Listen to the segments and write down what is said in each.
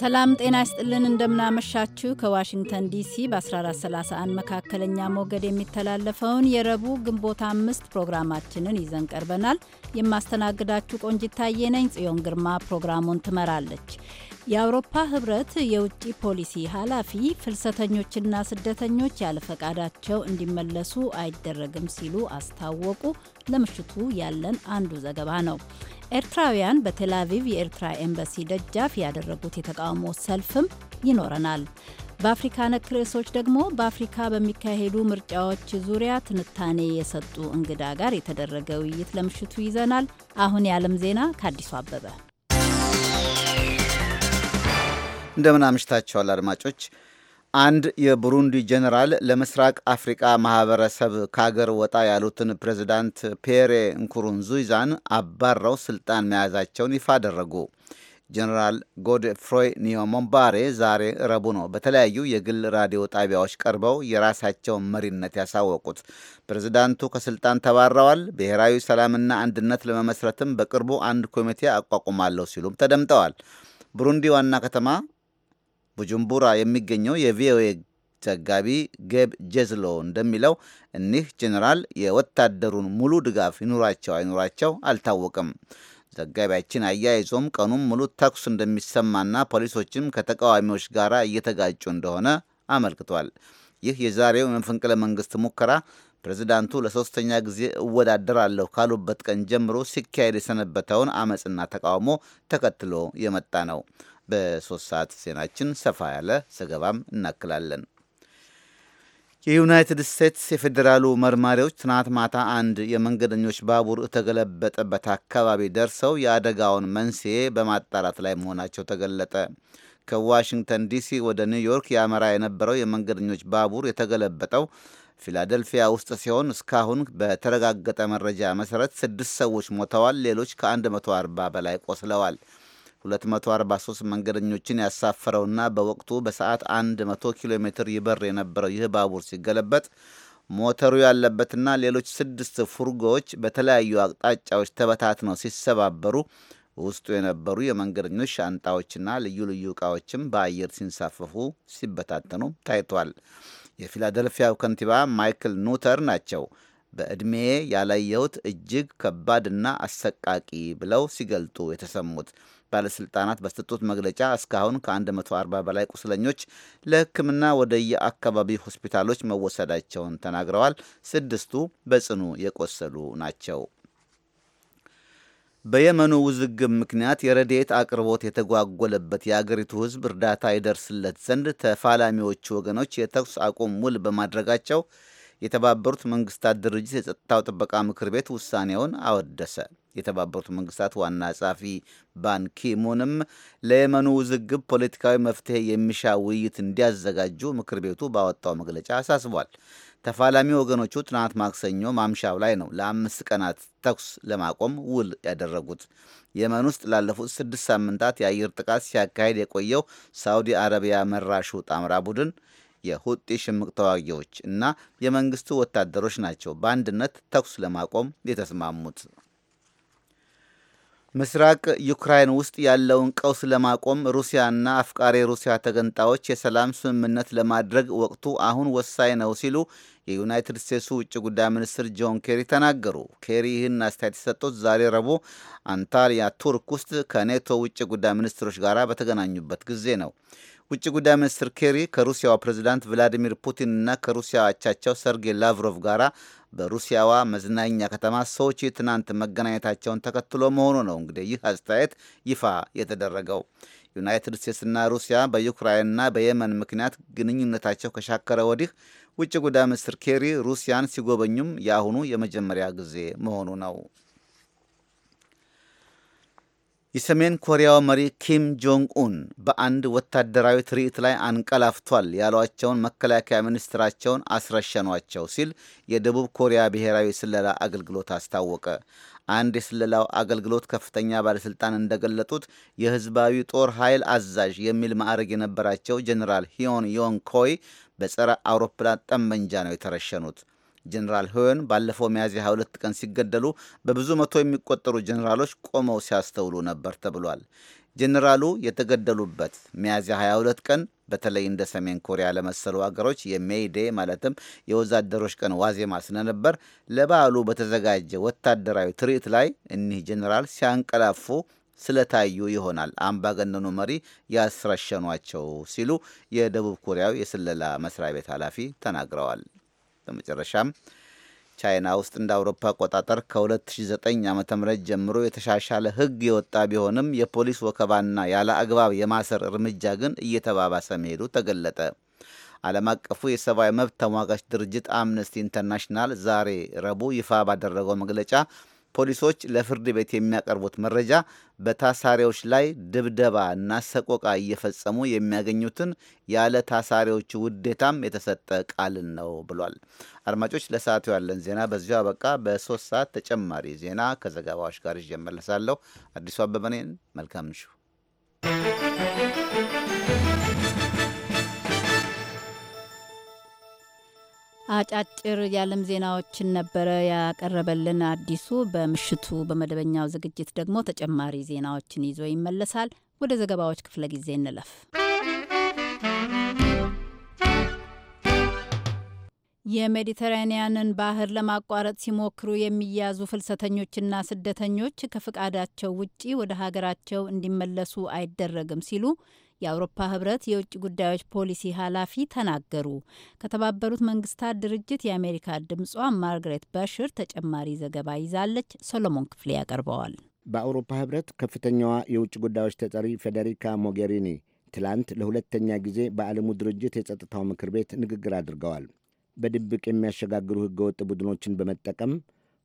ሰላም ጤና ይስጥልን። እንደምናመሻችሁ ከዋሽንግተን ዲሲ በ1431 መካከለኛ ሞገድ የሚተላለፈውን የረቡዕ ግንቦት አምስት ፕሮግራማችንን ይዘን ቀርበናል። የማስተናግዳችሁ ቆንጂት ታዬ ነኝ። ጽዮን ግርማ ፕሮግራሙን ትመራለች። የአውሮፓ ህብረት የውጭ ፖሊሲ ኃላፊ ፍልሰተኞችና ስደተኞች ያለፈቃዳቸው እንዲመለሱ አይደረግም ሲሉ አስታወቁ። ለምሽቱ ያለን አንዱ ዘገባ ነው። ኤርትራውያን በቴላቪቭ የኤርትራ ኤምባሲ ደጃፍ ያደረጉት የተቃውሞ ሰልፍም ይኖረናል። በአፍሪካ ነክ ርዕሶች ደግሞ በአፍሪካ በሚካሄዱ ምርጫዎች ዙሪያ ትንታኔ የሰጡ እንግዳ ጋር የተደረገ ውይይት ለምሽቱ ይዘናል። አሁን የዓለም ዜና ከአዲሱ አበበ እንደምን አምሽታቸዋል አድማጮች። አንድ የቡሩንዲ ጀኔራል ለምስራቅ አፍሪቃ ማህበረሰብ ከሀገር ወጣ ያሉትን ፕሬዚዳንት ፔሬ እንኩሩንዙይዛን አባረው ስልጣን መያዛቸውን ይፋ አደረጉ። ጀኔራል ጎድፍሮይ ኒዮሞምባሬ ዛሬ ረቡ ነው በተለያዩ የግል ራዲዮ ጣቢያዎች ቀርበው የራሳቸውን መሪነት ያሳወቁት። ፕሬዚዳንቱ ከስልጣን ተባረዋል፣ ብሔራዊ ሰላምና አንድነት ለመመስረትም በቅርቡ አንድ ኮሚቴ አቋቁማለሁ ሲሉም ተደምጠዋል። ቡሩንዲ ዋና ከተማ ቡጁምቡራ የሚገኘው የቪኦኤ ዘጋቢ ጌብ ጄዝሎ እንደሚለው እኒህ ጄኔራል የወታደሩን ሙሉ ድጋፍ ይኑራቸው አይኑራቸው አልታወቅም። ዘጋቢያችን አያይዞም ቀኑን ሙሉ ተኩስ እንደሚሰማና ፖሊሶችም ከተቃዋሚዎች ጋር እየተጋጩ እንደሆነ አመልክቷል። ይህ የዛሬው የመፈንቅለ መንግስት ሙከራ ፕሬዚዳንቱ ለሶስተኛ ጊዜ እወዳደራለሁ ካሉበት ቀን ጀምሮ ሲካሄድ የሰነበተውን አመፅና ተቃውሞ ተከትሎ የመጣ ነው። በሶስት ሰዓት ዜናችን ሰፋ ያለ ዘገባም እናክላለን። የዩናይትድ ስቴትስ የፌዴራሉ መርማሪዎች ትናንት ማታ አንድ የመንገደኞች ባቡር የተገለበጠበት አካባቢ ደርሰው የአደጋውን መንስኤ በማጣራት ላይ መሆናቸው ተገለጠ። ከዋሽንግተን ዲሲ ወደ ኒውዮርክ ያመራ የነበረው የመንገደኞች ባቡር የተገለበጠው ፊላደልፊያ ውስጥ ሲሆን እስካሁን በተረጋገጠ መረጃ መሰረት ስድስት ሰዎች ሞተዋል፣ ሌሎች ከ140 በላይ ቆስለዋል። 243 መንገደኞችን ያሳፈረውና በወቅቱ በሰዓት 100 ኪሎ ሜትር ይበር የነበረው ይህ ባቡር ሲገለበጥ ሞተሩ ያለበትና ሌሎች ስድስት ፉርጎዎች በተለያዩ አቅጣጫዎች ተበታትነው ሲሰባበሩ ውስጡ የነበሩ የመንገደኞች ሻንጣዎችና ልዩ ልዩ ዕቃዎችም በአየር ሲንሳፈፉ ሲበታተኑ ታይቷል። የፊላደልፊያው ከንቲባ ማይክል ኑተር ናቸው በዕድሜዬ ያላየሁት እጅግ ከባድና አሰቃቂ ብለው ሲገልጡ የተሰሙት ባለስልጣናት በሰጡት መግለጫ እስካሁን ከ140 በላይ ቁስለኞች ለሕክምና ወደየአካባቢ ሆስፒታሎች መወሰዳቸውን ተናግረዋል። ስድስቱ በጽኑ የቆሰሉ ናቸው። በየመኑ ውዝግብ ምክንያት የረድኤት አቅርቦት የተጓጎለበት የአገሪቱ ሕዝብ እርዳታ ይደርስለት ዘንድ ተፋላሚዎቹ ወገኖች የተኩስ አቁም ውል በማድረጋቸው የተባበሩት መንግስታት ድርጅት የጸጥታው ጥበቃ ምክር ቤት ውሳኔውን አወደሰ። የተባበሩት መንግስታት ዋና ጸሐፊ ባንኪሙንም ለየመኑ ውዝግብ ፖለቲካዊ መፍትሄ የሚሻ ውይይት እንዲያዘጋጁ ምክር ቤቱ ባወጣው መግለጫ አሳስቧል። ተፋላሚ ወገኖቹ ትናንት ማክሰኞ ማምሻው ላይ ነው ለአምስት ቀናት ተኩስ ለማቆም ውል ያደረጉት። የመን ውስጥ ላለፉት ስድስት ሳምንታት የአየር ጥቃት ሲያካሂድ የቆየው ሳውዲ አረቢያ መራሹ ጣምራ ቡድን የሁጢ ሽምቅ ተዋጊዎች እና የመንግስቱ ወታደሮች ናቸው በአንድነት ተኩስ ለማቆም የተስማሙት። ምስራቅ ዩክራይን ውስጥ ያለውን ቀውስ ለማቆም ሩሲያና አፍቃሪ ሩሲያ ተገንጣዮች የሰላም ስምምነት ለማድረግ ወቅቱ አሁን ወሳኝ ነው ሲሉ የዩናይትድ ስቴትሱ ውጭ ጉዳይ ሚኒስትር ጆን ኬሪ ተናገሩ። ኬሪ ይህን አስተያየት የሰጡት ዛሬ ረቡዕ አንታሊያ ቱርክ ውስጥ ከኔቶ ውጭ ጉዳይ ሚኒስትሮች ጋር በተገናኙበት ጊዜ ነው። ውጭ ጉዳይ ሚኒስትር ኬሪ ከሩሲያው ፕሬዚዳንት ቭላዲሚር ፑቲንና ከሩሲያ አቻቸው ሰርጌይ ላቭሮቭ ጋር በሩሲያዋ መዝናኛ ከተማ ሶቺ ትናንት መገናኘታቸውን ተከትሎ መሆኑ ነው። እንግዲህ ይህ አስተያየት ይፋ የተደረገው ዩናይትድ ስቴትስና ሩሲያ በዩክራይንና በየመን ምክንያት ግንኙነታቸው ከሻከረ ወዲህ ውጭ ጉዳይ ሚኒስትር ኬሪ ሩሲያን ሲጎበኙም የአሁኑ የመጀመሪያ ጊዜ መሆኑ ነው። የሰሜን ኮሪያው መሪ ኪም ጆንግ ኡን በአንድ ወታደራዊ ትርኢት ላይ አንቀላፍቷል ያሏቸውን መከላከያ ሚኒስትራቸውን አስረሸኗቸው ሲል የደቡብ ኮሪያ ብሔራዊ ስለላ አገልግሎት አስታወቀ። አንድ የስለላው አገልግሎት ከፍተኛ ባለሥልጣን እንደገለጡት የሕዝባዊ ጦር ኃይል አዛዥ የሚል ማዕረግ የነበራቸው ጀኔራል ሂዮን ዮንግ ኮይ በጸረ አውሮፕላን ጠመንጃ ነው የተረሸኑት። ጀኔራል ሆን ባለፈው ሚያዝያ 22 ቀን ሲገደሉ በብዙ መቶ የሚቆጠሩ ጀኔራሎች ቆመው ሲያስተውሉ ነበር ተብሏል። ጀኔራሉ የተገደሉበት ሚያዝያ 22 ቀን በተለይ እንደ ሰሜን ኮሪያ ለመሰሉ አገሮች የሜይዴ ማለትም የወዛደሮች ቀን ዋዜማ ስለነበር ለበዓሉ በተዘጋጀ ወታደራዊ ትርኢት ላይ እኒህ ጀኔራል ሲያንቀላፉ ስለታዩ ይሆናል አምባገነኑ መሪ ያስረሸኗቸው ሲሉ የደቡብ ኮሪያው የስለላ መስሪያ ቤት ኃላፊ ተናግረዋል። በመጨረሻም ቻይና ውስጥ እንደ አውሮፓ አቆጣጠር ከ2009 ዓ ም ጀምሮ የተሻሻለ ሕግ የወጣ ቢሆንም የፖሊስ ወከባና ያለ አግባብ የማሰር እርምጃ ግን እየተባባሰ መሄዱ ተገለጠ። ዓለም አቀፉ የሰብአዊ መብት ተሟጋች ድርጅት አምነስቲ ኢንተርናሽናል ዛሬ ረቡዕ ይፋ ባደረገው መግለጫ ፖሊሶች ለፍርድ ቤት የሚያቀርቡት መረጃ በታሳሪዎች ላይ ድብደባ እና ሰቆቃ እየፈጸሙ የሚያገኙትን ያለ ታሳሪዎቹ ውዴታም የተሰጠ ቃልን ነው ብሏል። አድማጮች፣ ለሰዓቱ ያለን ዜና በዚሁ አበቃ። በሶስት ሰዓት ተጨማሪ ዜና ከዘገባዎች ጋር ይዤ እመለሳለሁ። አዲሱ አበበ ነኝ። መልካም ምሽት። አጫጭር የዓለም ዜናዎችን ነበረ ያቀረበልን አዲሱ። በምሽቱ በመደበኛው ዝግጅት ደግሞ ተጨማሪ ዜናዎችን ይዞ ይመለሳል። ወደ ዘገባዎች ክፍለ ጊዜ እንለፍ። የሜዲተራኒያንን ባህር ለማቋረጥ ሲሞክሩ የሚያዙ ፍልሰተኞችና ስደተኞች ከፍቃዳቸው ውጪ ወደ ሀገራቸው እንዲመለሱ አይደረግም ሲሉ የአውሮፓ ህብረት የውጭ ጉዳዮች ፖሊሲ ኃላፊ ተናገሩ። ከተባበሩት መንግስታት ድርጅት የአሜሪካ ድምጿ ማርግሬት በሽር ተጨማሪ ዘገባ ይዛለች። ሰሎሞን ክፍሌ ያቀርበዋል። በአውሮፓ ህብረት ከፍተኛዋ የውጭ ጉዳዮች ተጠሪ ፌዴሪካ ሞጌሪኒ ትላንት ለሁለተኛ ጊዜ በዓለሙ ድርጅት የጸጥታው ምክር ቤት ንግግር አድርገዋል። በድብቅ የሚያሸጋግሩ ህገወጥ ቡድኖችን በመጠቀም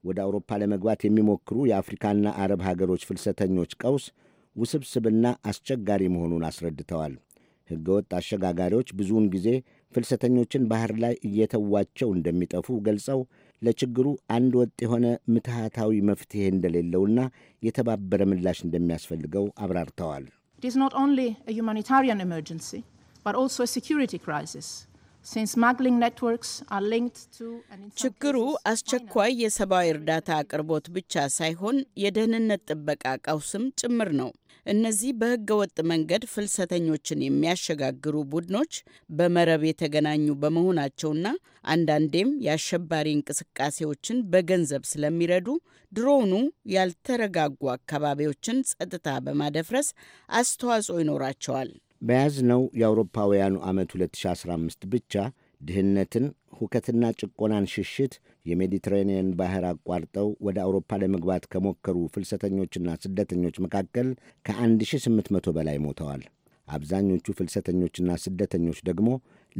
ወደ አውሮፓ ለመግባት የሚሞክሩ የአፍሪካና አረብ ሀገሮች ፍልሰተኞች ቀውስ ውስብስብና አስቸጋሪ መሆኑን አስረድተዋል። ሕገወጥ አሸጋጋሪዎች ብዙውን ጊዜ ፍልሰተኞችን ባህር ላይ እየተዋቸው እንደሚጠፉ ገልጸው ለችግሩ አንድ ወጥ የሆነ ምትሃታዊ መፍትሄ እንደሌለውና የተባበረ ምላሽ እንደሚያስፈልገው አብራርተዋል። ችግሩ አስቸኳይ የሰብአዊ እርዳታ አቅርቦት ብቻ ሳይሆን የደህንነት ጥበቃ ቀውስም ጭምር ነው። እነዚህ በህገ ወጥ መንገድ ፍልሰተኞችን የሚያሸጋግሩ ቡድኖች በመረብ የተገናኙ በመሆናቸውና አንዳንዴም የአሸባሪ እንቅስቃሴዎችን በገንዘብ ስለሚረዱ ድሮኑ ያልተረጋጉ አካባቢዎችን ጸጥታ በማደፍረስ አስተዋጽኦ ይኖራቸዋል። በያዝነው የአውሮፓውያኑ ዓመት 2015 ብቻ ድህነትን፣ ሁከትና ጭቆናን ሽሽት የሜዲትሬኒየን ባህር አቋርጠው ወደ አውሮፓ ለመግባት ከሞከሩ ፍልሰተኞችና ስደተኞች መካከል ከ1800 በላይ ሞተዋል። አብዛኞቹ ፍልሰተኞችና ስደተኞች ደግሞ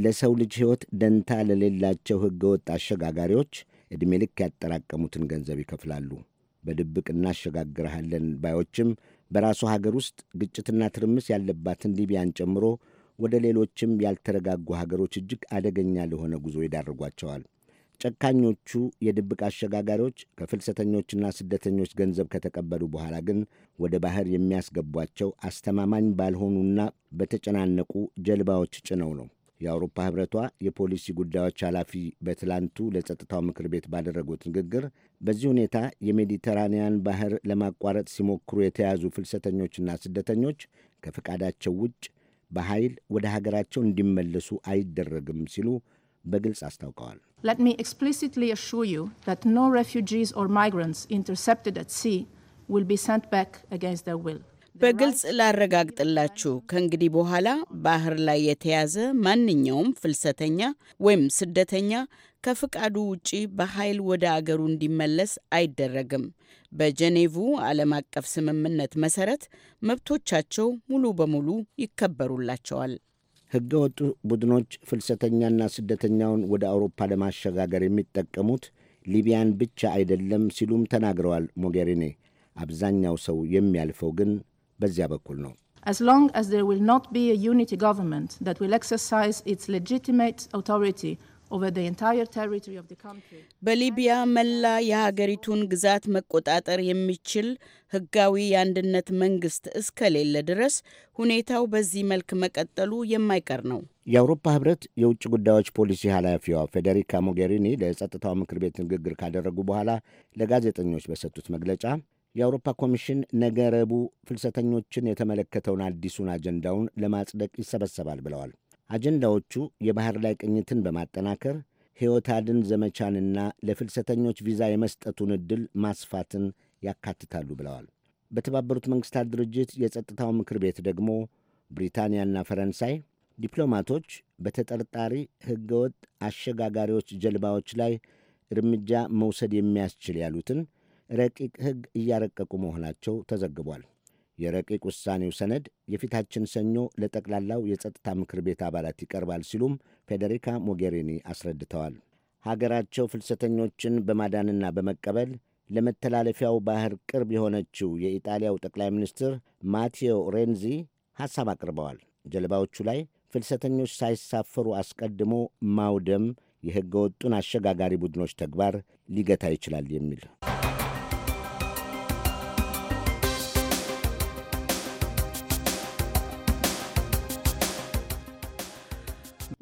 ለሰው ልጅ ሕይወት ደንታ ለሌላቸው ሕገወጥ አሸጋጋሪዎች ዕድሜ ልክ ያጠራቀሙትን ገንዘብ ይከፍላሉ። በድብቅ እናሸጋግረሃለን ባዮችም በራሱ ሀገር ውስጥ ግጭትና ትርምስ ያለባትን ሊቢያን ጨምሮ ወደ ሌሎችም ያልተረጋጉ ሀገሮች እጅግ አደገኛ ለሆነ ጉዞ ይዳርጓቸዋል። ጨካኞቹ የድብቅ አሸጋጋሪዎች ከፍልሰተኞችና ስደተኞች ገንዘብ ከተቀበሉ በኋላ ግን ወደ ባህር የሚያስገቧቸው አስተማማኝ ባልሆኑና በተጨናነቁ ጀልባዎች ጭነው ነው። የአውሮፓ ህብረቷ የፖሊሲ ጉዳዮች ኃላፊ በትላንቱ ለጸጥታው ምክር ቤት ባደረጉት ንግግር በዚህ ሁኔታ የሜዲተራንያን ባህር ለማቋረጥ ሲሞክሩ የተያዙ ፍልሰተኞችና ስደተኞች ከፈቃዳቸው ውጭ በኃይል ወደ ሀገራቸው እንዲመለሱ አይደረግም ሲሉ በግልጽ አስታውቀዋል። Let me explicitly assure you that no refugees or migrants intercepted at sea will be sent back against their will. በግልጽ ላረጋግጥላችሁ ከእንግዲህ በኋላ ባህር ላይ የተያዘ ማንኛውም ፍልሰተኛ ወይም ስደተኛ ከፍቃዱ ውጪ በኃይል ወደ አገሩ እንዲመለስ አይደረግም። በጀኔቭ ዓለም አቀፍ ስምምነት መሰረት መብቶቻቸው ሙሉ በሙሉ ይከበሩላቸዋል። ወጡ ቡድኖች ፍልሰተኛና ስደተኛውን ወደ አውሮፓ ለማሸጋገር የሚጠቀሙት ሊቢያን ብቻ አይደለም ሲሉም ተናግረዋል ሞጌሪኒ። አብዛኛው ሰው የሚያልፈው ግን በዚያ በኩል ነው። as long as there will not be a unity government that will exercise its legitimate authority በሊቢያ መላ የሀገሪቱን ግዛት መቆጣጠር የሚችል ህጋዊ የአንድነት መንግስት እስከሌለ ድረስ ሁኔታው በዚህ መልክ መቀጠሉ የማይቀር ነው። የአውሮፓ ህብረት የውጭ ጉዳዮች ፖሊሲ ኃላፊዋ ፌዴሪካ ሞጌሪኒ ለጸጥታው ምክር ቤት ንግግር ካደረጉ በኋላ ለጋዜጠኞች በሰጡት መግለጫ የአውሮፓ ኮሚሽን ነገ ረቡዕ ፍልሰተኞችን የተመለከተውን አዲሱን አጀንዳውን ለማጽደቅ ይሰበሰባል ብለዋል። አጀንዳዎቹ የባሕር ላይ ቅኝትን በማጠናከር ሕይወት አድን ዘመቻንና ለፍልሰተኞች ቪዛ የመስጠቱን ዕድል ማስፋትን ያካትታሉ ብለዋል። በተባበሩት መንግሥታት ድርጅት የጸጥታው ምክር ቤት ደግሞ ብሪታንያና ፈረንሳይ ዲፕሎማቶች በተጠርጣሪ ሕገወጥ አሸጋጋሪዎች ጀልባዎች ላይ እርምጃ መውሰድ የሚያስችል ያሉትን ረቂቅ ሕግ እያረቀቁ መሆናቸው ተዘግቧል። የረቂቅ ውሳኔው ሰነድ የፊታችን ሰኞ ለጠቅላላው የጸጥታ ምክር ቤት አባላት ይቀርባል ሲሉም ፌዴሪካ ሞጌሪኒ አስረድተዋል። ሀገራቸው ፍልሰተኞችን በማዳንና በመቀበል ለመተላለፊያው ባህር ቅርብ የሆነችው የኢጣሊያው ጠቅላይ ሚኒስትር ማቴዎ ሬንዚ ሐሳብ አቅርበዋል። ጀልባዎቹ ላይ ፍልሰተኞች ሳይሳፈሩ አስቀድሞ ማውደም የሕገ ወጡን አሸጋጋሪ ቡድኖች ተግባር ሊገታ ይችላል የሚል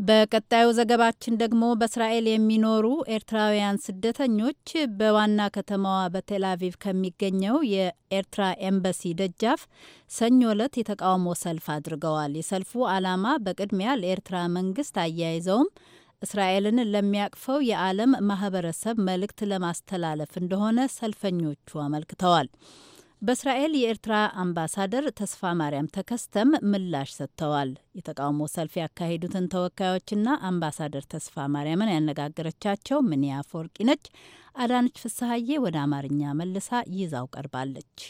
በቀጣዩ ዘገባችን ደግሞ በእስራኤል የሚኖሩ ኤርትራውያን ስደተኞች በዋና ከተማዋ በቴል ከሚገኘው የኤርትራ ኤምባሲ ደጃፍ ሰኞ ዕለት የተቃውሞ ሰልፍ አድርገዋል። የሰልፉ ዓላማ በቅድሚያ ለኤርትራ መንግስት አያይዘውም እስራኤልን ለሚያቅፈው የዓለም ማህበረሰብ መልእክት ለማስተላለፍ እንደሆነ ሰልፈኞቹ አመልክተዋል። በእስራኤል የኤርትራ አምባሳደር ተስፋ ማርያም ተከስተም ምላሽ ሰጥተዋል። የተቃውሞ ሰልፍ ያካሄዱትን ተወካዮችና አምባሳደር ተስፋ ማርያምን ያነጋገረቻቸው ምንያ አፈወርቂ ነች። አዳነች ፍስሐዬ ወደ አማርኛ መልሳ ይዛው ቀርባለች።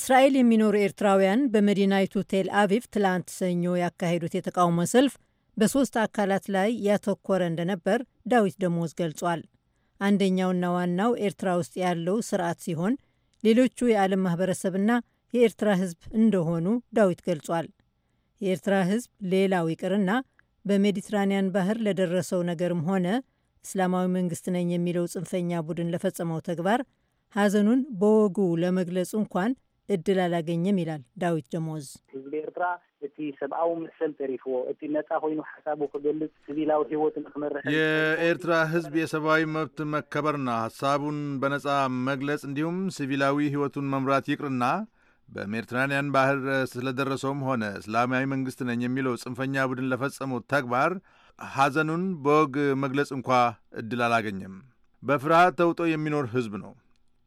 እስራኤል የሚኖሩ ኤርትራውያን በመዲናይቱ ቴል አቪቭ ትላንት ሰኞ ያካሄዱት የተቃውሞ ሰልፍ በሦስት አካላት ላይ ያተኮረ እንደነበር ዳዊት ደሞዝ ገልጿል። አንደኛውና ዋናው ኤርትራ ውስጥ ያለው ስርዓት ሲሆን ሌሎቹ የዓለም ማህበረሰብና የኤርትራ ሕዝብ እንደሆኑ ዳዊት ገልጿል። የኤርትራ ሕዝብ ሌላው ይቅርና በሜዲትራንያን ባህር ለደረሰው ነገርም ሆነ እስላማዊ መንግስት ነኝ የሚለው ጽንፈኛ ቡድን ለፈጸመው ተግባር ሐዘኑን በወጉ ለመግለጹ እንኳን እድል አላገኘም ይላል ዳዊት ደሞዝ። ህዝብ ኤርትራ እቲ ሰብኣዊ ምስል ተሪፍዎ እቲ ነፃ ኮይኑ ሓሳቡ ክገልፅ ስቢላዊ ሂወት ንክመርሕ የኤርትራ ህዝቢ የሰብኣዊ መብት መከበርና ሀሳቡን በነፃ መግለጽ እንዲሁም ሲቪላዊ ህይወቱን መምራት ይቅርና በሜርትራንያን ባህር ስለደረሰውም ሆነ እስላማዊ መንግስት ነኝ የሚለው ጽንፈኛ ቡድን ለፈጸሙት ተግባር ሐዘኑን በወግ መግለጽ እንኳ ዕድል አላገኘም። በፍርሃት ተውጦ የሚኖር ህዝብ ነው።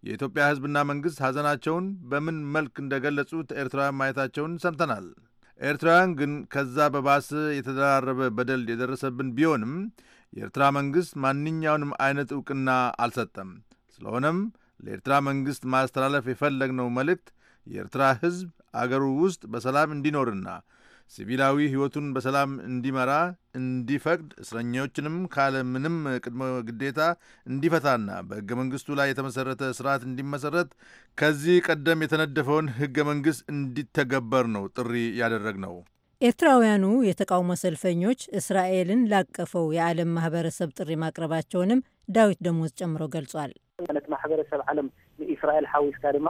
የኢትዮጵያ ህዝብና መንግስት ሐዘናቸውን በምን መልክ እንደገለጹት ኤርትራ ማየታቸውን ሰምተናል። ኤርትራውያን ግን ከዛ በባሰ የተደራረበ በደል የደረሰብን ቢሆንም የኤርትራ መንግሥት ማንኛውንም አይነት ዕውቅና አልሰጠም። ስለሆነም ለኤርትራ መንግሥት ማስተላለፍ የፈለግነው መልእክት የኤርትራ ሕዝብ አገሩ ውስጥ በሰላም እንዲኖርና ሲቪላዊ ሕይወቱን በሰላም እንዲመራ እንዲፈቅድ እስረኞችንም ካለምንም ቅድመ ግዴታ እንዲፈታና በሕገ መንግሥቱ ላይ የተመሠረተ ስርዓት እንዲመሠረት ከዚህ ቀደም የተነደፈውን ሕገ መንግሥት እንዲተገበር ነው ጥሪ ነው። ኤርትራውያኑ የተቃውሞ ሰልፈኞች እስራኤልን ላቀፈው የዓለም ማህበረሰብ ጥሪ ማቅረባቸውንም ዳዊት ደሞዝ ጨምሮ ገልጿል። ማሕበረሰብ ዓለም ንእስራኤል ሓዊስካ ድማ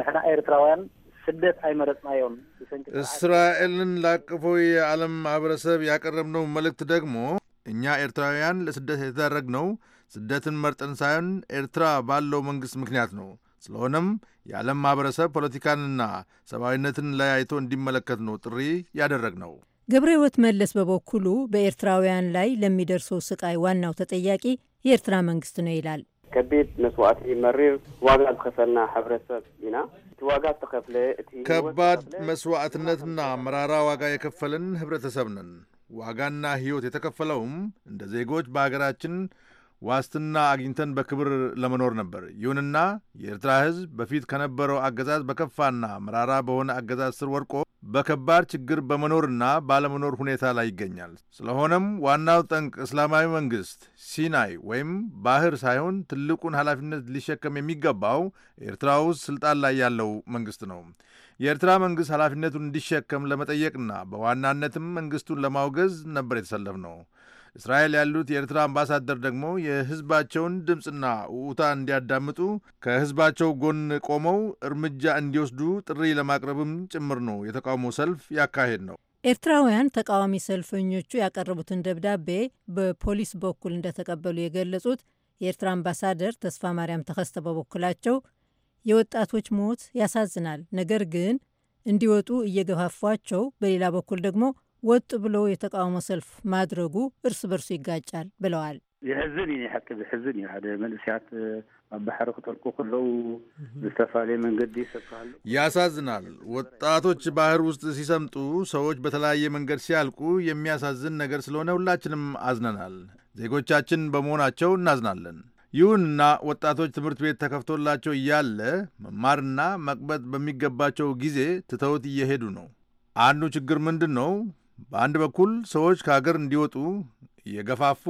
ንሕና ኤርትራውያን ስደት አይመረጥናየውም። እስራኤልን ላቀፈው የዓለም ማህበረሰብ ያቀረብነው መልእክት ደግሞ እኛ ኤርትራውያን ለስደት ነው ስደትን መርጠን ሳይሆን ኤርትራ ባለው መንግሥት ምክንያት ነው። ስለሆነም የዓለም ማህበረሰብ ፖለቲካንና ሰብአዊነትን ለያይቶ እንዲመለከት ነው ጥሪ ያደረግ ነው። ገብረ ሕይወት መለስ በበኩሉ በኤርትራውያን ላይ ለሚደርሰው ስቃይ ዋናው ተጠያቂ የኤርትራ መንግስት ነው ይላል። ከቢድ መስዋዕቲ መሪር ዋጋ ዝኸፈልና ሕብረተሰብ ኢና እቲ ዋጋ ዝተኸፍለ እቲ ከባድ መስዋዕትነትና መራራ ዋጋ የከፈልን ሕብረተሰብ ነን። ዋጋና ህይወት የተከፈለውም እንደ ዜጎች በሀገራችን ዋስትና አግኝተን በክብር ለመኖር ነበር። ይሁንና የኤርትራ ሕዝብ በፊት ከነበረው አገዛዝ በከፋና መራራ በሆነ አገዛዝ ስር ወድቆ በከባድ ችግር በመኖርና ባለመኖር ሁኔታ ላይ ይገኛል። ስለሆነም ዋናው ጠንቅ እስላማዊ መንግሥት ሲናይ ወይም ባህር ሳይሆን ትልቁን ኃላፊነት ሊሸከም የሚገባው ኤርትራ ውስጥ ስልጣን ላይ ያለው መንግሥት ነው። የኤርትራ መንግሥት ኃላፊነቱን እንዲሸከም ለመጠየቅና በዋናነትም መንግሥቱን ለማውገዝ ነበር የተሰለፍ ነው። እስራኤል ያሉት የኤርትራ አምባሳደር ደግሞ የህዝባቸውን ድምፅና ውታ እንዲያዳምጡ ከህዝባቸው ጎን ቆመው እርምጃ እንዲወስዱ ጥሪ ለማቅረብም ጭምር ነው የተቃውሞ ሰልፍ ያካሄድ ነው። ኤርትራውያን ተቃዋሚ ሰልፈኞቹ ያቀረቡትን ደብዳቤ በፖሊስ በኩል እንደተቀበሉ የገለጹት የኤርትራ አምባሳደር ተስፋ ማርያም ተከስተ በበኩላቸው የወጣቶች ሞት ያሳዝናል፣ ነገር ግን እንዲወጡ እየገፋፏቸው፣ በሌላ በኩል ደግሞ ወጥ ብሎ የተቃውሞ ሰልፍ ማድረጉ እርስ በርሱ ይጋጫል ብለዋል። የሕዝን እዩ ሓቂ ዝሕዝን እዩ ሓደ መንእስያት ኣብ ባሕሪ ክጠልቁ ከለዉ ዝተፈላለየ መንገዲ ይሰብሃሉ። ያሳዝናል። ወጣቶች ባህር ውስጥ ሲሰምጡ፣ ሰዎች በተለያየ መንገድ ሲያልቁ የሚያሳዝን ነገር ስለሆነ ሁላችንም አዝነናል። ዜጎቻችን በመሆናቸው እናዝናለን። ይሁንና ወጣቶች ትምህርት ቤት ተከፍቶላቸው እያለ መማርና መቅበጥ በሚገባቸው ጊዜ ትተውት እየሄዱ ነው። አንዱ ችግር ምንድን ነው? በአንድ በኩል ሰዎች ከሀገር እንዲወጡ የገፋፉ፣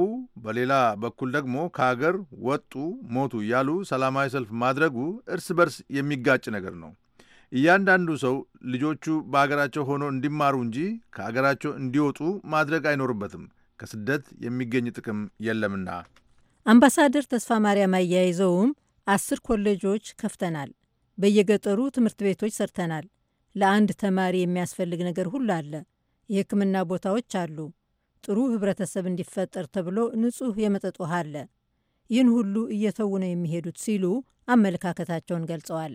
በሌላ በኩል ደግሞ ከሀገር ወጡ፣ ሞቱ እያሉ ሰላማዊ ሰልፍ ማድረጉ እርስ በርስ የሚጋጭ ነገር ነው። እያንዳንዱ ሰው ልጆቹ በሀገራቸው ሆኖ እንዲማሩ እንጂ ከሀገራቸው እንዲወጡ ማድረግ አይኖርበትም። ከስደት የሚገኝ ጥቅም የለምና። አምባሳደር ተስፋ ማርያም አያይዘውም አስር ኮሌጆች ከፍተናል፣ በየገጠሩ ትምህርት ቤቶች ሰርተናል፣ ለአንድ ተማሪ የሚያስፈልግ ነገር ሁሉ አለ የሕክምና ቦታዎች አሉ። ጥሩ ህብረተሰብ እንዲፈጠር ተብሎ ንጹህ የመጠጥ ውሃ አለ። ይህን ሁሉ እየተዉ ነው የሚሄዱት ሲሉ አመለካከታቸውን ገልጸዋል።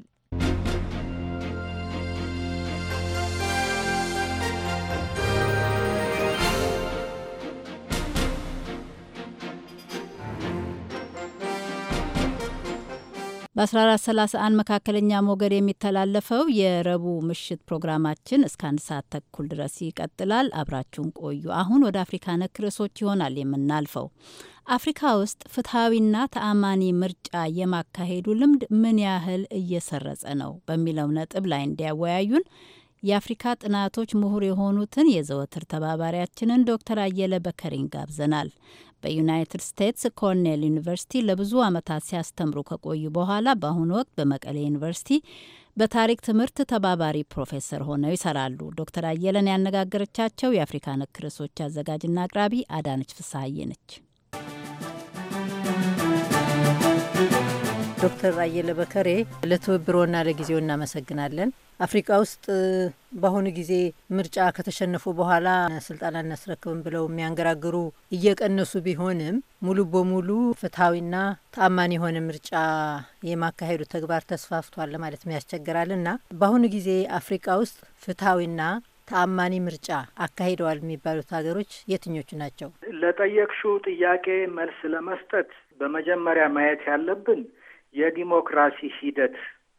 በ1431 መካከለኛ ሞገድ የሚተላለፈው የረቡዕ ምሽት ፕሮግራማችን እስከ አንድ ሰዓት ተኩል ድረስ ይቀጥላል። አብራችሁን ቆዩ። አሁን ወደ አፍሪካ ነክ ርዕሶች ይሆናል የምናልፈው። አፍሪካ ውስጥ ፍትሐዊና ተአማኒ ምርጫ የማካሄዱ ልምድ ምን ያህል እየሰረጸ ነው በሚለው ነጥብ ላይ እንዲያወያዩን የአፍሪካ ጥናቶች ምሁር የሆኑትን የዘወትር ተባባሪያችንን ዶክተር አየለ በከሪን ጋብዘናል። በዩናይትድ ስቴትስ ኮርኔል ዩኒቨርሲቲ ለብዙ ዓመታት ሲያስተምሩ ከቆዩ በኋላ በአሁኑ ወቅት በመቀሌ ዩኒቨርሲቲ በታሪክ ትምህርት ተባባሪ ፕሮፌሰር ሆነው ይሰራሉ። ዶክተር አየለን ያነጋገረቻቸው የአፍሪካ ነክ ርዕሶች አዘጋጅና አቅራቢ አዳነች ፍስሀዬ ነች። ዶክተር አየለ በከሬ ለትብብሮና ለጊዜው እናመሰግናለን። አፍሪካ ውስጥ በአሁኑ ጊዜ ምርጫ ከተሸነፉ በኋላ ስልጣን አናስረክብም ብለው የሚያንገራግሩ እየቀነሱ ቢሆንም ሙሉ በሙሉ ፍትሐዊና ተአማኒ የሆነ ምርጫ የማካሄዱ ተግባር ተስፋፍቷል ለማለት ያስቸግራል እና በአሁኑ ጊዜ አፍሪካ ውስጥ ፍትሐዊና ተአማኒ ምርጫ አካሂደዋል የሚባሉት ሀገሮች የትኞቹ ናቸው? ለጠየቅሹ ጥያቄ መልስ ለመስጠት በመጀመሪያ ማየት ያለብን የዲሞክራሲ ሂደት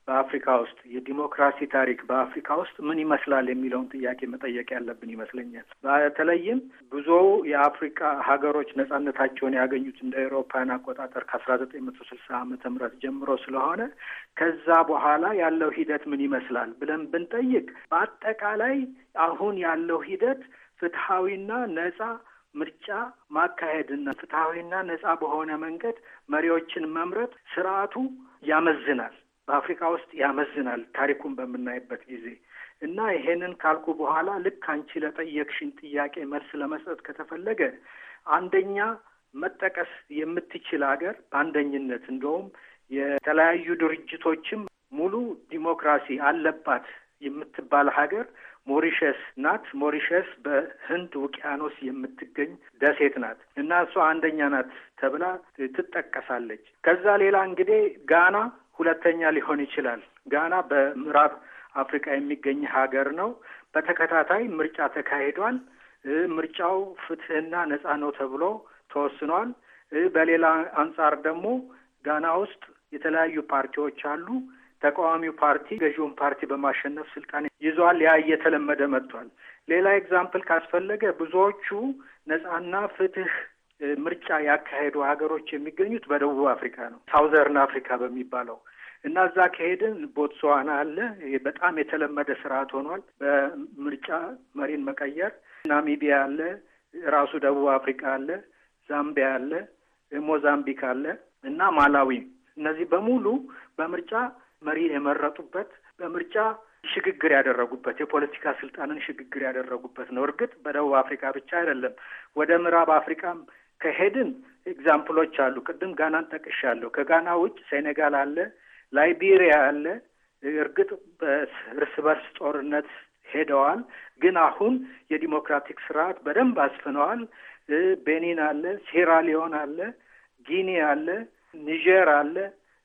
በአፍሪካ ውስጥ የዲሞክራሲ ታሪክ በአፍሪካ ውስጥ ምን ይመስላል የሚለውን ጥያቄ መጠየቅ ያለብን ይመስለኛል። በተለይም ብዙ የአፍሪካ ሀገሮች ነጻነታቸውን ያገኙት እንደ ኤሮፓያን አቆጣጠር ከአስራ ዘጠኝ መቶ ስልሳ ዓመተ ምህረት ጀምሮ ስለሆነ ከዛ በኋላ ያለው ሂደት ምን ይመስላል ብለን ብንጠይቅ በአጠቃላይ አሁን ያለው ሂደት ፍትሐዊና ነጻ ምርጫ ማካሄድና ፍትሐዊና ነጻ በሆነ መንገድ መሪዎችን መምረጥ ስርዓቱ ያመዝናል፣ በአፍሪካ ውስጥ ያመዝናል ታሪኩን በምናይበት ጊዜ እና ይሄንን ካልኩ በኋላ ልክ አንቺ ለጠየቅሽን ጥያቄ መልስ ለመስጠት ከተፈለገ አንደኛ መጠቀስ የምትችል ሀገር በአንደኝነት እንደውም የተለያዩ ድርጅቶችም ሙሉ ዲሞክራሲ አለባት የምትባል ሀገር ሞሪሸስ ናት። ሞሪሸስ በህንድ ውቅያኖስ የምትገኝ ደሴት ናት እና እሷ አንደኛ ናት ተብላ ትጠቀሳለች። ከዛ ሌላ እንግዲህ ጋና ሁለተኛ ሊሆን ይችላል። ጋና በምዕራብ አፍሪካ የሚገኝ ሀገር ነው። በተከታታይ ምርጫ ተካሂዷል። ምርጫው ፍትህና ነጻ ነው ተብሎ ተወስኗል። በሌላ አንጻር ደግሞ ጋና ውስጥ የተለያዩ ፓርቲዎች አሉ። ተቃዋሚው ፓርቲ ገዢውን ፓርቲ በማሸነፍ ስልጣን ይዟል። ያ እየተለመደ መጥቷል። ሌላ ኤግዛምፕል ካስፈለገ ብዙዎቹ ነጻና ፍትህ ምርጫ ያካሄዱ ሀገሮች የሚገኙት በደቡብ አፍሪካ ነው፣ ሳውዘርን አፍሪካ በሚባለው እና እዛ ከሄድን ቦትስዋና አለ። በጣም የተለመደ ስርዓት ሆኗል፣ በምርጫ መሪን መቀየር። ናሚቢያ አለ፣ ራሱ ደቡብ አፍሪካ አለ፣ ዛምቢያ አለ፣ ሞዛምቢክ አለ እና ማላዊ። እነዚህ በሙሉ በምርጫ መሪን የመረጡበት በምርጫ ሽግግር ያደረጉበት የፖለቲካ ስልጣንን ሽግግር ያደረጉበት ነው። እርግጥ በደቡብ አፍሪካ ብቻ አይደለም፣ ወደ ምዕራብ አፍሪካም ከሄድን ኤግዛምፕሎች አሉ። ቅድም ጋናን ጠቅሻለሁ። ከጋና ውጭ ሴኔጋል አለ፣ ላይቤሪያ አለ። እርግጥ በእርስ በርስ ጦርነት ሄደዋል፣ ግን አሁን የዲሞክራቲክ ስርዓት በደንብ አስፍነዋል። ቤኒን አለ፣ ሴራሊዮን አለ፣ ጊኒ አለ፣ ኒጀር አለ፣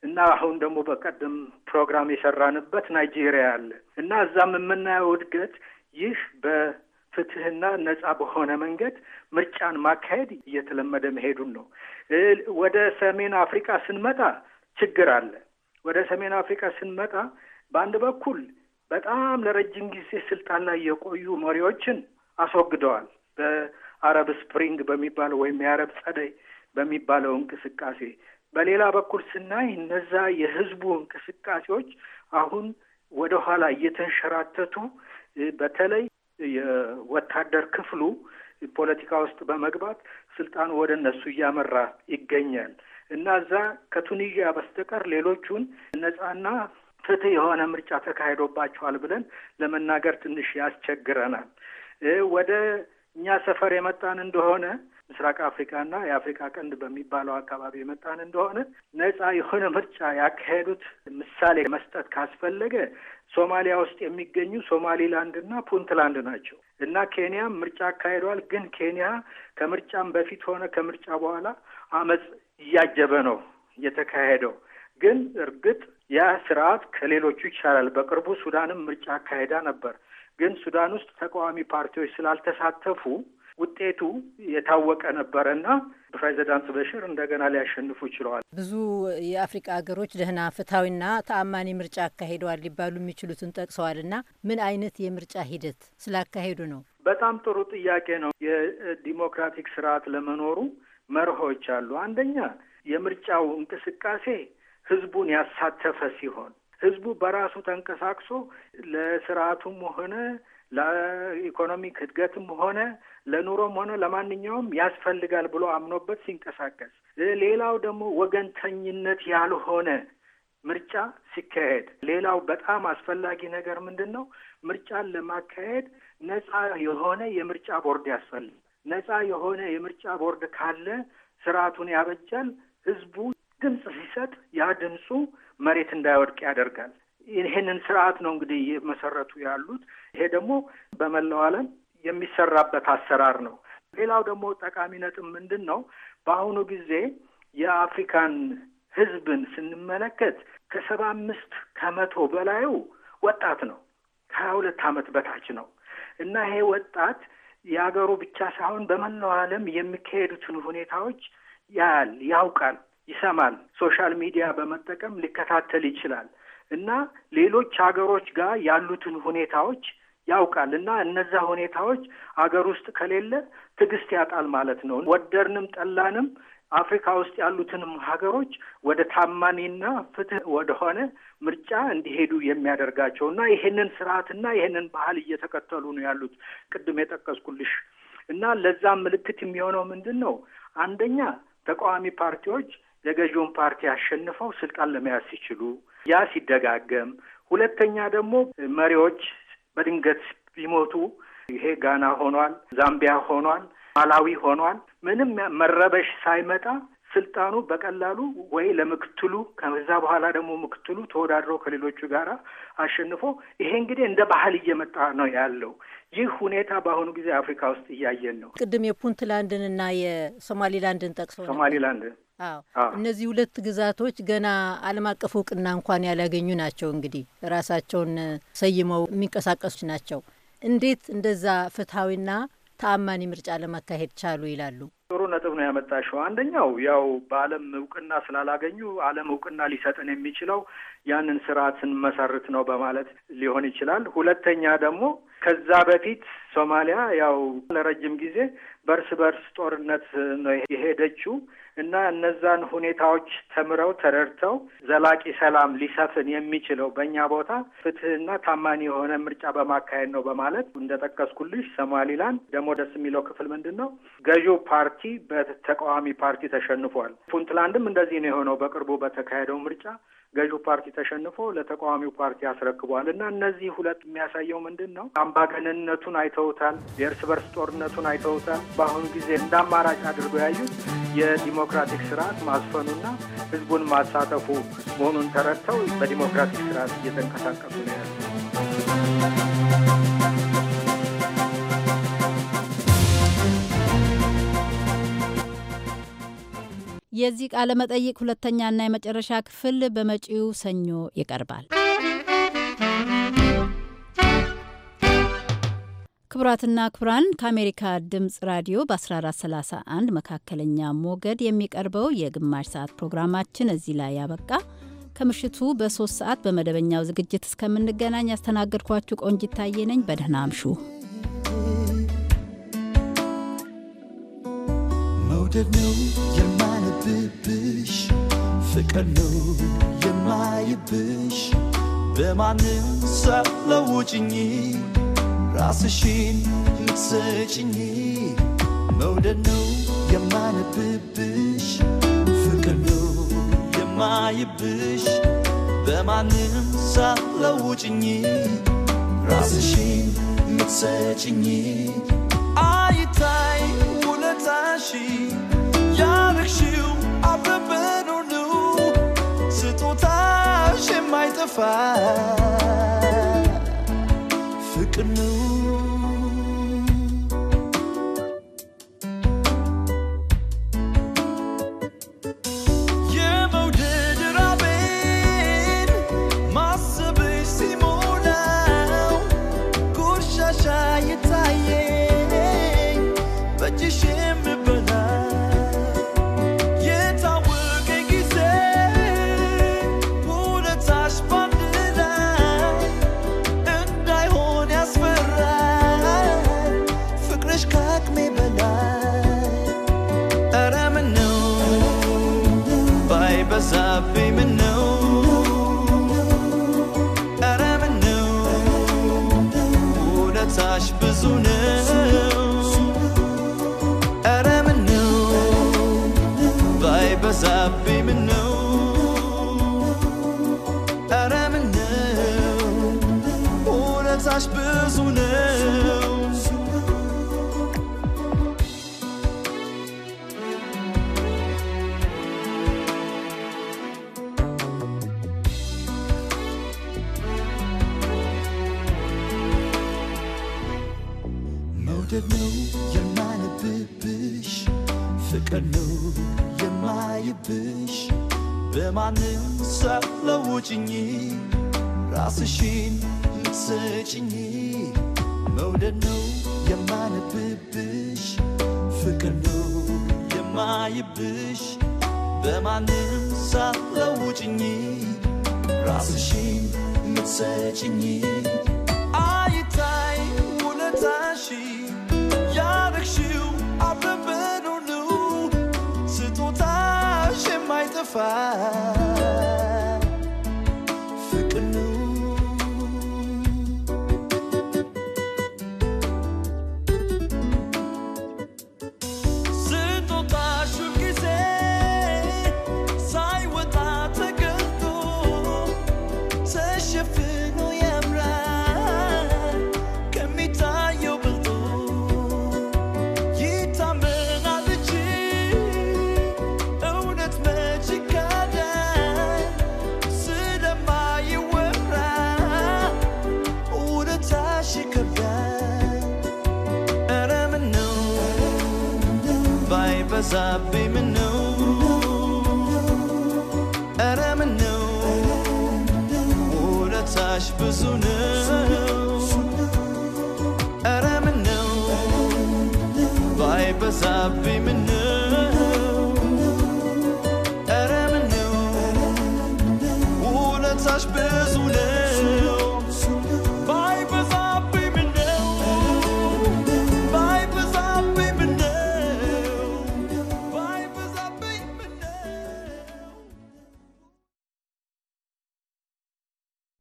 እና አሁን ደግሞ በቀደም ፕሮግራም የሰራንበት ናይጄሪያ አለ እና እዛም የምናየው እድገት ይህ በፍትህና ነጻ በሆነ መንገድ ምርጫን ማካሄድ እየተለመደ መሄዱን ነው። ወደ ሰሜን አፍሪካ ስንመጣ ችግር አለ። ወደ ሰሜን አፍሪካ ስንመጣ በአንድ በኩል በጣም ለረጅም ጊዜ ስልጣን ላይ የቆዩ መሪዎችን አስወግደዋል። በአረብ ስፕሪንግ በሚባለው ወይም የአረብ ጸደይ በሚባለው እንቅስቃሴ በሌላ በኩል ስናይ እነዛ የህዝቡ እንቅስቃሴዎች አሁን ወደ ኋላ እየተንሸራተቱ በተለይ የወታደር ክፍሉ ፖለቲካ ውስጥ በመግባት ስልጣኑ ወደ እነሱ እያመራ ይገኛል እና እዛ ከቱኒዥያ በስተቀር ሌሎቹን ነጻና ፍትህ የሆነ ምርጫ ተካሂዶባቸዋል ብለን ለመናገር ትንሽ ያስቸግረናል። ወደ እኛ ሰፈር የመጣን እንደሆነ ምስራቅ አፍሪካና የአፍሪካ ቀንድ በሚባለው አካባቢ የመጣን እንደሆነ ነጻ የሆነ ምርጫ ያካሄዱት ምሳሌ መስጠት ካስፈለገ ሶማሊያ ውስጥ የሚገኙ ሶማሊላንድና ፑንትላንድ ናቸው እና ኬንያም ምርጫ አካሄደዋል። ግን ኬንያ ከምርጫም በፊት ሆነ ከምርጫ በኋላ አመፅ እያጀበ ነው የተካሄደው። ግን እርግጥ ያ ስርዓት ከሌሎቹ ይቻላል። በቅርቡ ሱዳንም ምርጫ አካሄዳ ነበር። ግን ሱዳን ውስጥ ተቃዋሚ ፓርቲዎች ስላልተሳተፉ ውጤቱ የታወቀ ነበረ እና ፕሬዚዳንት በሽር እንደገና ሊያሸንፉ ችለዋል። ብዙ የአፍሪቃ ሀገሮች ደህና ፍትሐዊና ተአማኒ ምርጫ አካሂደዋል ሊባሉ የሚችሉትን ጠቅሰዋል እና ምን አይነት የምርጫ ሂደት ስላካሄዱ ነው? በጣም ጥሩ ጥያቄ ነው። የዲሞክራቲክ ስርዓት ለመኖሩ መርሆች አሉ። አንደኛ የምርጫው እንቅስቃሴ ህዝቡን ያሳተፈ ሲሆን ህዝቡ በራሱ ተንቀሳቅሶ ለስርዓቱም ሆነ ለኢኮኖሚክ እድገትም ሆነ ለኑሮም ሆነ ለማንኛውም ያስፈልጋል ብሎ አምኖበት ሲንቀሳቀስ፣ ሌላው ደግሞ ወገንተኝነት ያልሆነ ምርጫ ሲካሄድ፣ ሌላው በጣም አስፈላጊ ነገር ምንድን ነው? ምርጫን ለማካሄድ ነጻ የሆነ የምርጫ ቦርድ ያስፈልጋል። ነጻ የሆነ የምርጫ ቦርድ ካለ ስርዓቱን ያበጃል። ህዝቡ ድምፅ ሲሰጥ ያ ድምፁ መሬት እንዳይወድቅ ያደርጋል። ይህንን ስርዓት ነው እንግዲህ እየመሰረቱ ያሉት። ይሄ ደግሞ በመላው ዓለም የሚሰራበት አሰራር ነው። ሌላው ደግሞ ጠቃሚ ነጥብ ምንድን ነው? በአሁኑ ጊዜ የአፍሪካን ህዝብን ስንመለከት ከሰባ አምስት ከመቶ በላዩ ወጣት ነው። ከሀያ ሁለት ዓመት በታች ነው እና ይሄ ወጣት የሀገሩ ብቻ ሳይሆን በመላው ዓለም የሚካሄዱትን ሁኔታዎች ያያል፣ ያውቃል፣ ይሰማል። ሶሻል ሚዲያ በመጠቀም ሊከታተል ይችላል። እና ሌሎች ሀገሮች ጋር ያሉትን ሁኔታዎች ያውቃል እና እነዛ ሁኔታዎች ሀገር ውስጥ ከሌለ ትዕግስት ያጣል ማለት ነው። ወደድንም ጠላንም አፍሪካ ውስጥ ያሉትንም ሀገሮች ወደ ታማኒና ፍትህ ወደሆነ ምርጫ እንዲሄዱ የሚያደርጋቸው እና ይሄንን ስርዓትና ይሄንን ባህል እየተከተሉ ነው ያሉት ቅድም የጠቀስኩልሽ እና ለዛም ምልክት የሚሆነው ምንድን ነው? አንደኛ ተቃዋሚ ፓርቲዎች የገዢውን ፓርቲ አሸንፈው ስልጣን ለመያዝ ሲችሉ ያ ሲደጋገም፣ ሁለተኛ ደግሞ መሪዎች በድንገት ቢሞቱ ይሄ ጋና ሆኗል፣ ዛምቢያ ሆኗል፣ ማላዊ ሆኗል። ምንም መረበሽ ሳይመጣ ስልጣኑ በቀላሉ ወይ ለምክትሉ ከዛ በኋላ ደግሞ ምክትሉ ተወዳድሮ ከሌሎቹ ጋር አሸንፎ ይሄ እንግዲህ እንደ ባህል እየመጣ ነው ያለው። ይህ ሁኔታ በአሁኑ ጊዜ አፍሪካ ውስጥ እያየን ነው። ቅድም የፑንትላንድንና የሶማሊላንድን ጠቅሶ ሶማሊላንድ አዎ እነዚህ ሁለት ግዛቶች ገና ዓለም አቀፍ እውቅና እንኳን ያላገኙ ናቸው። እንግዲህ ራሳቸውን ሰይመው የሚንቀሳቀሱ ናቸው። እንዴት እንደዛ ፍትሐዊና ተአማኒ ምርጫ ለማካሄድ ቻሉ ይላሉ። ጥሩ ነጥብ ነው ያመጣሽው። አንደኛው ያው በዓለም እውቅና ስላላገኙ ዓለም እውቅና ሊሰጥን የሚችለው ያንን ስርዓት ስንመሰርት ነው በማለት ሊሆን ይችላል። ሁለተኛ ደግሞ ከዛ በፊት ሶማሊያ ያው ለረጅም ጊዜ በእርስ በርስ ጦርነት ነው የሄደችው። እና እነዛን ሁኔታዎች ተምረው ተረድተው ዘላቂ ሰላም ሊሰፍን የሚችለው በእኛ ቦታ ፍትህና ታማኒ የሆነ ምርጫ በማካሄድ ነው በማለት እንደጠቀስኩልሽ ሶማሊላንድ ደግሞ ደስ የሚለው ክፍል ምንድን ነው? ገዢው ፓርቲ በተቃዋሚ ፓርቲ ተሸንፏል። ፑንትላንድም እንደዚህ ነው የሆነው። በቅርቡ በተካሄደው ምርጫ ገዢው ፓርቲ ተሸንፎ ለተቃዋሚው ፓርቲ አስረክቧል እና እነዚህ ሁለት የሚያሳየው ምንድን ነው? አምባገነንነቱን አይተውታል። የእርስ በርስ ጦርነቱን አይተውታል። በአሁኑ ጊዜ እንደ አማራጭ አድርገው ያዩት የዲሞክራቲክ ስርዓት ማስፈኑና ህዝቡን ማሳተፉ መሆኑን ተረድተው በዲሞክራቲክ ስርዓት እየተንቀሳቀሱ ነው ያሉ የዚህ ቃለ መጠይቅ ሁለተኛና የመጨረሻ ክፍል በመጪው ሰኞ ይቀርባል። ክቡራትና ክቡራን ከአሜሪካ ድምፅ ራዲዮ በ1431 መካከለኛ ሞገድ የሚቀርበው የግማሽ ሰዓት ፕሮግራማችን እዚህ ላይ ያበቃ። ከምሽቱ በሶስት ሰዓት በመደበኛው ዝግጅት እስከምንገናኝ ያስተናገድኳችሁ ቆንጅ ታዬ ነኝ። በደህና አምሹ። መውደድ ነው ያለብብሽ ፍቅር ነው የማይብሽ በማንም ሳትለውጭኝ ራስሽን ልትሰጭኝ መውደድ ነው የማነብብሽ ፍቅር ነው የማይብሽ በማንም ሳትለውጭኝ ራስሽን ልትሰጭኝ አይታይ ውለታሽ For Fick genug. às peso na né? searching you Ayıtay unatashi Yarıkşu avrı ben onu Sıtota şemaytı fay በዛብኝ ነው ኧረ ነው ውለታሽ ብዙ ነው ኧረ ነው ባይ በዛብኝ ምነው